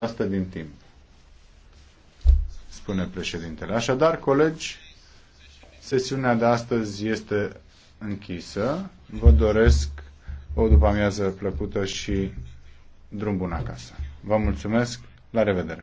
asta din timp, spune președintele. Așadar, colegi, sesiunea de astăzi este închisă. Vă doresc o după amiază plăcută și drum bun acasă. Vă mulțumesc, la revedere!